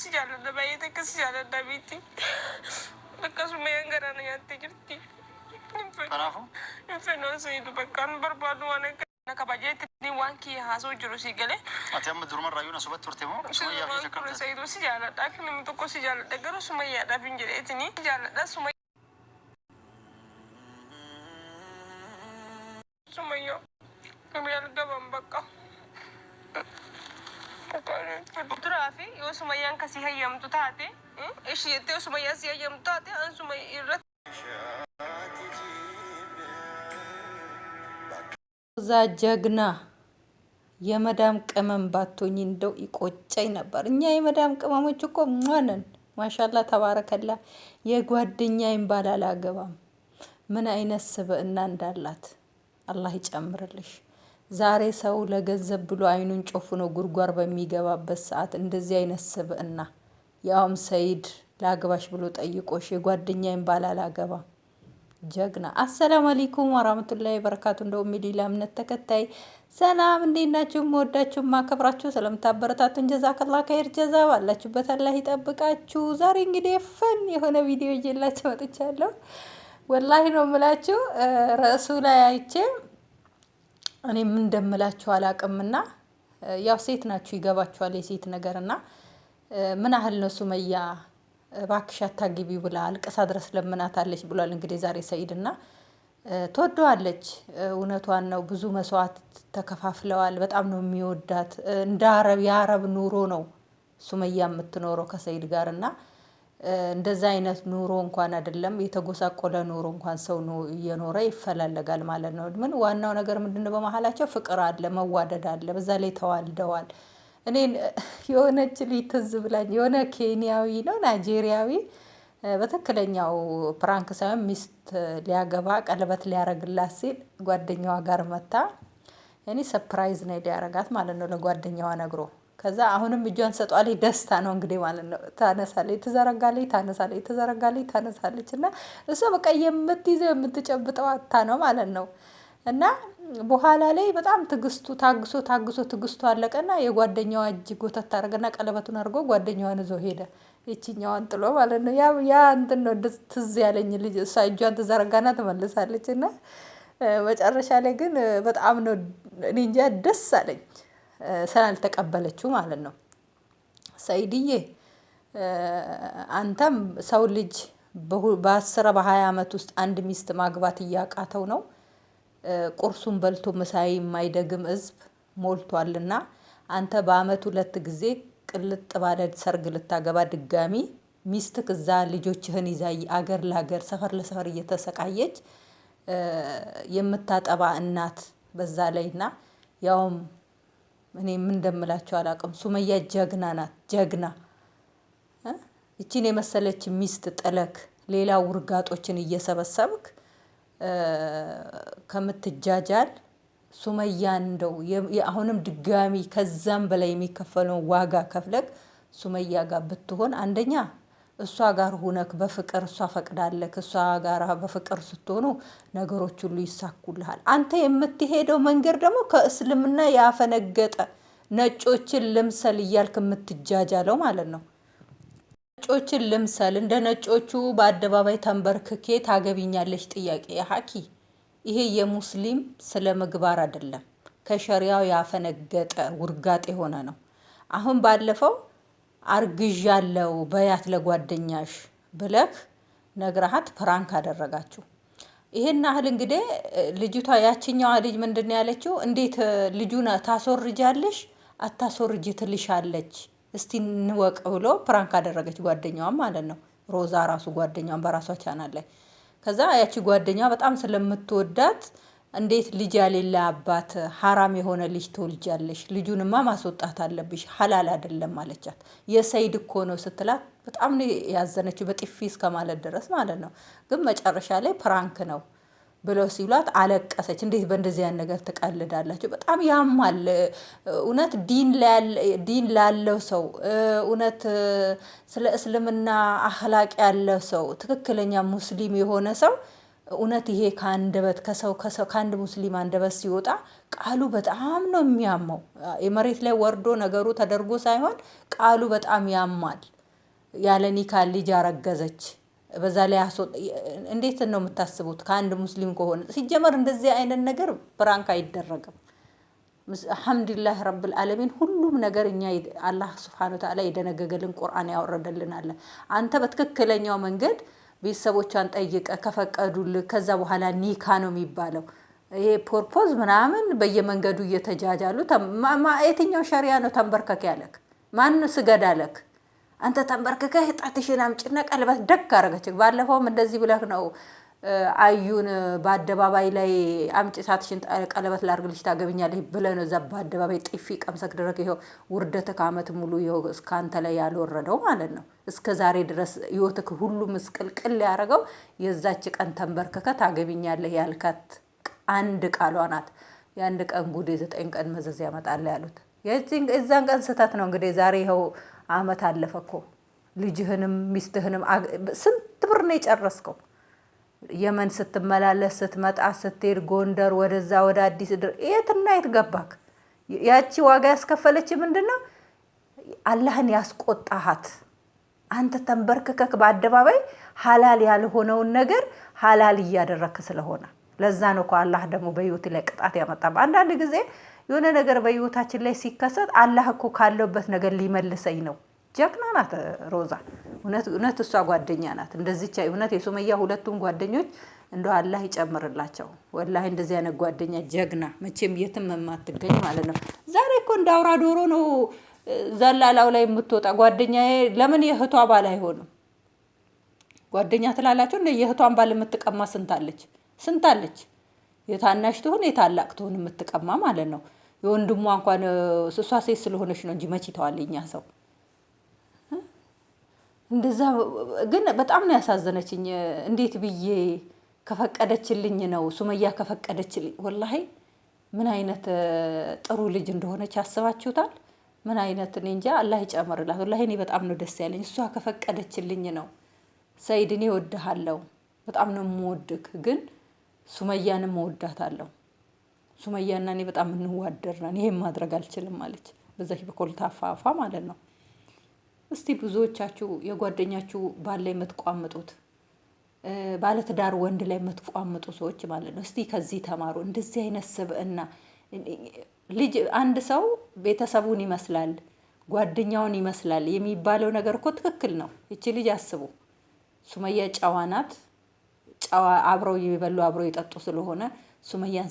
ಸಿ ಜಾಲದ ಬೈದಕ್ಕೆ ಜಾಲದ ಬೀತಿ ಅದಕ್ಕೆ ಸುಮ್ಮನೆ ಹೆಂಗಾರನ ಅಂತ ಇರ್ತಿ ಇನ್ಫೆನೋಸ್ ಇದು ಬೇಕನ್ ಬರ್ಬಾರ್ದು ಅನ್ನಕ್ಕೆ kabajeti ni wanki hasoo jiru si galee. Ati amma durumarraa yoo na rayu turte moo? Sumayyaa fi jakkaatte. Sayyiduu si jaalladhaa fi Tapi tokko si jaalladha garuu sumayyaadhaaf hin jedheetini. Si jaalladhaa sumayyaa. Sumayyaa. Namni yoo Sumayyaan kasii hayyamtu taate ishii jettee yoo Sumayyaa si hayyamtu taate an እዛ ጀግና የመዳም ቅመም ባቶኝ እንደው ይቆጨኝ ነበር። እኛ የመዳም ቅመሞች እኮ ሟነን ማሻላ ተባረከላ። የጓደኛዬን ባል አላገባም። ምን አይነት ስብዕና እንዳላት አላህ ይጨምርልሽ። ዛሬ ሰው ለገንዘብ ብሎ አይኑን ጨፍኖ ጉርጓር በሚገባበት ሰዓት እንደዚህ አይነት ስብዕና ያውም ሰይድ ላግባሽ ብሎ ጠይቆሽ የጓደኛዬን ባል አላገባም ጀግና። አሰላሙ አለይኩም ወራህመቱላሂ በረካቱ። እንደውም ሌላ እምነት ተከታይ ሰላም፣ እንዴት ናችሁ? መወዳችሁ፣ ማከብራችሁ ስለምታበረታቱን ጀዛከላ ከይር ጀዛ። ባላችሁበት አላህ ይጠብቃችሁ። ዛሬ እንግዲህ ፈን የሆነ ቪዲዮ ይዤላችሁ መጥቻለሁ። ወላሂ ነው የምላችሁ ርዕሱ ላይ አይቼ እኔ ምን እንደምላችሁ አላቅምና ያው ሴት ናችሁ ይገባችኋል የሴት ነገር ምን ያህል ነው ሱመያ እባክሽ አታግቢ ብላ አልቅሳ ድረስ ለምናታለች ብሏል። እንግዲህ ዛሬ ሰኢድ እና ትወደዋለች። እውነቷን ነው። ብዙ መስዋዕት ተከፋፍለዋል። በጣም ነው የሚወዳት። እንደ አረብ የአረብ ኑሮ ነው ሱመያ የምትኖረው ከሰኢድ ጋር እና እንደዚ አይነት ኑሮ እንኳን አይደለም የተጎሳቆለ ኑሮ እንኳን ሰው እየኖረ ይፈላለጋል ማለት ነው። ምን ዋናው ነገር ምንድነው? በመሀላቸው ፍቅር አለ፣ መዋደድ አለ። በዛ ላይ ተዋልደዋል። እኔ የሆነች ልጅ ትዝ ብላኝ የሆነ ኬንያዊ ነው ናይጄሪያዊ በትክክለኛው ፕራንክ ሳይሆን ሚስት ሊያገባ ቀለበት ሊያረግላት ሲል ጓደኛዋ ጋር መታ እኔ ሰፕራይዝ ነው ሊያረጋት ማለት ነው ለጓደኛዋ ነግሮ ከዛ አሁንም እጇን ሰጧለች። ደስታ ነው እንግዲህ ማለት ነው። ታነሳለች፣ ትዘረጋለች፣ ታነሳለች፣ ትዘረጋለች፣ ታነሳለች እና እሷ በቃ የምትይዘው የምትጨብጠው አታ ነው ማለት ነው እና በኋላ ላይ በጣም ትግስቱ ታግሶ ታግሶ ትግስቱ አለቀና የጓደኛዋ እጅ ጎተት ታደርገና ቀለበቱን አድርጎ ጓደኛዋን ይዞ ሄደ። ይችኛዋን ጥሎ ማለት ነው። ያ እንትን ነው ትዝ ያለኝ ልጅ እሷ እጇን ትዘረጋና ትመልሳለች እና መጨረሻ ላይ ግን በጣም ነው እኔ እንጃ ደስ አለኝ። ስላልተቀበለችው ማለት ነው። ሰይድዬ አንተም ሰው ልጅ በአስረ በሀያ ዓመት ውስጥ አንድ ሚስት ማግባት እያቃተው ነው። ቁርሱን በልቶ ምሳይ የማይደግም ህዝብ ሞልቷልና አንተ በአመት ሁለት ጊዜ ቅልጥ ባለ ሰርግ ልታገባ ድጋሚ ሚስት ክዛ ልጆችህን ይዛ አገር ለአገር ሰፈር ለሰፈር እየተሰቃየች የምታጠባ እናት በዛ ላይ ና ያውም እኔ ምን እንደምላቸው አላውቅም። ሱመያ ጀግና ናት፣ ጀግና ይቺን የመሰለች ሚስት ጥለክ ሌላ ውርጋጦችን እየሰበሰብክ ከምትጃጃል ሱመያ እንደው አሁንም ድጋሚ ከዛም በላይ የሚከፈለውን ዋጋ ከፍለክ ሱመያ ጋር ብትሆን አንደኛ እሷ ጋር ሁነክ በፍቅር እሷ ፈቅዳለክ እሷ ጋር በፍቅር ስትሆኑ ነገሮች ሁሉ ይሳኩልሃል። አንተ የምትሄደው መንገድ ደግሞ ከእስልምና ያፈነገጠ ነጮችን ልምሰል እያልክ የምትጃጃለው ማለት ነው። ነጮችን ልምሰል እንደ ነጮቹ በአደባባይ ተንበርክኬ ታገቢኛለች ጥያቄ ሀኪ ይሄ የሙስሊም ስለ ምግባር አይደለም፣ ከሸሪያው ያፈነገጠ ውርጋጥ የሆነ ነው። አሁን ባለፈው አርግዣለሁ በያት ለጓደኛሽ ብለክ ነግረሃት ፕራንክ አደረጋችሁ። ይሄን ያህል እንግዲህ ልጅቷ ያችኛዋ ልጅ ምንድን ያለችው እንዴት ልጁን ታስወርጃለሽ? አታስወርጅ ትልሻለች እስቲ እንወቅ ብሎ ፕራንክ አደረገች ጓደኛዋ ማለት ነው። ሮዛ ራሱ ጓደኛዋን በራሷ ቻናል ላይ ከዛ ያቺ ጓደኛዋ በጣም ስለምትወዳት እንዴት ልጅ ያሌለ አባት ሀራም የሆነ ልጅ ትወልጃለሽ? ልጁንማ ማስወጣት አለብሽ፣ ሀላል አይደለም አለቻት። የሰይድ እኮ ነው ስትላት በጣም ያዘነች ያዘነችው፣ በጥፊ እስከ ማለት ድረስ ማለት ነው። ግን መጨረሻ ላይ ፕራንክ ነው ብለው ሲሏት አለቀሰች። እንዴት በእንደዚህ ያን ነገር ትቀልዳላችሁ? በጣም ያማል እውነት። ዲን ላለው ሰው እውነት ስለ እስልምና አህላቅ ያለው ሰው ትክክለኛ ሙስሊም የሆነ ሰው እውነት ይሄ ከአንደበት ከሰው ከሰው ከአንድ ሙስሊም አንደበት ሲወጣ ቃሉ በጣም ነው የሚያመው። የመሬት ላይ ወርዶ ነገሩ ተደርጎ ሳይሆን ቃሉ በጣም ያማል። ያለ ኒካ ልጅ አረገዘች፣ በዛ ላይ እንዴት ነው የምታስቡት? ከአንድ ሙስሊም ከሆነ ሲጀመር እንደዚህ አይነት ነገር ፕራንክ አይደረግም። አልሐምዱሊላህ ረብል ዓለሚን ሁሉም ነገር እኛ አላህ ስብሓነሁ ወተዓላ የደነገገልን ቁርአን ያወረደልን አለ አንተ በትክክለኛው መንገድ ቤተሰቦቿን ጠይቀ ከፈቀዱል ከዛ በኋላ ኒካ ነው የሚባለው። ይሄ ፖርፖዝ ምናምን በየመንገዱ እየተጃጃሉ የትኛው ሸሪያ ነው? ተንበርከክ ያለክ ማን ስገድ አለክ? አንተ ተንበርክከ ጣትሽን አምጭና ቀለበት ደግ አረገች። ባለፈውም እንደዚህ ብለህ ነው አዩን በአደባባይ ላይ አምጪ ሳትሽን ቀለበት ላድርግልሽ ታገብኛለሽ ብለህ ነው እዛ በአደባባይ ጥፊ ቀምሰክ ድረግ ይኸው ውርደት ከአመት ሙሉ ይኸው እስካንተ ላይ ያልወረደው ማለት ነው። እስከ ዛሬ ድረስ ህይወትክ ሁሉ ምስቅልቅል ያደረገው የዛች ቀን ተንበርከከ ታገብኛለህ ያልካት አንድ ቃሏ ናት። የአንድ ቀን ጉድ የዘጠኝ ቀን መዘዝ ያመጣል ያሉት የዛን ቀን ስህተት ነው። እንግዲህ ዛሬ ይኸው አመት አለፈኮ ልጅህንም ሚስትህንም ስንት ብር ነው የጨረስከው? የመን ስትመላለስ ስትመጣ ስትሄድ ጎንደር ወደዛ ወደ አዲስ ድር የትና የት ገባክ? ያቺ ዋጋ ያስከፈለች ምንድን ነው? አላህን ያስቆጣሃት አንተ ተንበርክከክ በአደባባይ ሀላል ያልሆነውን ነገር ሀላል እያደረክ ስለሆነ ለዛ ነው እኮ አላህ ደግሞ በህይወት ላይ ቅጣት ያመጣ። አንዳንድ ጊዜ የሆነ ነገር በህይወታችን ላይ ሲከሰት አላህ እኮ ካለበት ነገር ሊመልሰኝ ነው። ጀግና ናት ሮዛ። እውነት እሷ ጓደኛ ናት። እንደዚች እውነት የሱመያ ሁለቱም ጓደኞች እንደ አላህ ይጨምርላቸው። ወላሂ እንደዚህ አይነት ጓደኛ ጀግና፣ መቼም የትም የማትገኝ ማለት ነው። ዛሬ እኮ እንደ አውራ ዶሮ ነው ዘላላው ላይ የምትወጣ ጓደኛ። ለምን የእህቷ ባል አይሆንም? ጓደኛ ትላላቸው እንደ የእህቷን ባል የምትቀማ ስንታለች፣ ስንታለች። የታናሽ ትሆን የታላቅ ትሆን የምትቀማ ማለት ነው። የወንድሟ እንኳን እሷ ሴት ስለሆነች ነው እንጂ መች ይተዋል ሰው እንደዛ ግን በጣም ነው ያሳዘነችኝ። እንዴት ብዬ ከፈቀደችልኝ ነው ሱመያ ከፈቀደችልኝ። ወላሂ ምን አይነት ጥሩ ልጅ እንደሆነች አስባችሁታል? ምን አይነት እኔ እንጃ። አላህ ይጨምርላት። ወላሂ እኔ በጣም ነው ደስ ያለኝ። እሷ ከፈቀደችልኝ ነው። ሰይድ እኔ እወድሃለሁ፣ በጣም ነው የምወድክ፣ ግን ሱመያንም እወዳታለሁ። ሱመያና እኔ በጣም እንዋደር ነን፣ ይሄን ማድረግ አልችልም አለች። በዛ በኮልታፋ ማለት ነው እስቲ ብዙዎቻችሁ የጓደኛችሁ ባል ላይ የምትቋምጡት ባለትዳር ወንድ ላይ የምትቋምጡ ሰዎች ማለት ነው። እስቲ ከዚህ ተማሩ። እንደዚህ አይነት ስብዕና ልጅ አንድ ሰው ቤተሰቡን ይመስላል ጓደኛውን ይመስላል የሚባለው ነገር እኮ ትክክል ነው። ይቺ ልጅ አስቡ። ሱመያ ጨዋ ናት። ጨዋ አብረው የሚበሉ አብረው የጠጡ ስለሆነ ሱመያን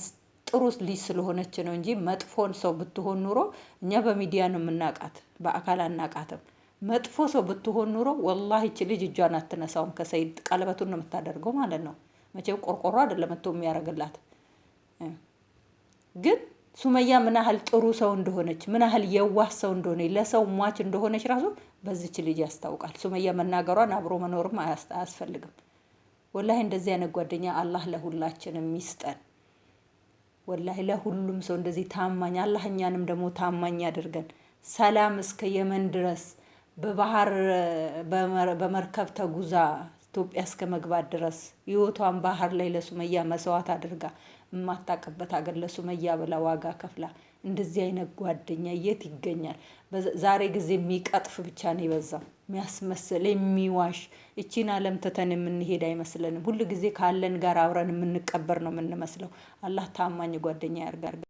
ጥሩ ልጅ ስለሆነች ነው እንጂ መጥፎን ሰው ብትሆን ኑሮ እኛ በሚዲያ ነው የምናውቃት፣ በአካል አናቃትም። መጥፎ ሰው ብትሆን ኑሮ ወላሂ ይቺ ልጅ እጇን አትነሳውም ከሰይድ ቀለበቱን ነው የምታደርገው ማለት ነው። መቼም ቆርቆሮ አይደለም መቶ የሚያደርግላት። ግን ሱመያ ምን ያህል ጥሩ ሰው እንደሆነች፣ ምን ያህል የዋህ ሰው እንደሆነ ለሰው ሟች እንደሆነች ራሱ በዚች ልጅ ያስታውቃል። ሱመያ መናገሯን አብሮ መኖርም አያስፈልግም። ወላሂ እንደዚህ አይነት ጓደኛ አላህ ለሁላችንም ይስጠን። ወላሂ ለሁሉም ሰው እንደዚህ ታማኝ አላህ እኛንም ደግሞ ታማኝ ያደርገን። ሰላም እስከ የመን ድረስ በባህር በመርከብ ተጉዛ ኢትዮጵያ እስከ መግባት ድረስ ህይወቷን ባህር ላይ ለሱመያ መስዋዕት አድርጋ የማታቀበት ሀገር ለሱመያ ብላ ዋጋ ከፍላ እንደዚህ አይነት ጓደኛ የት ይገኛል? ዛሬ ጊዜ የሚቀጥፍ ብቻ ነው የበዛው፣ የሚያስመስል የሚዋሽ። እቺን ዓለም ትተን የምንሄድ አይመስለንም። ሁሉ ጊዜ ካለን ጋር አብረን የምንቀበር ነው የምንመስለው። አላህ ታማኝ ጓደኛ ያርጋ።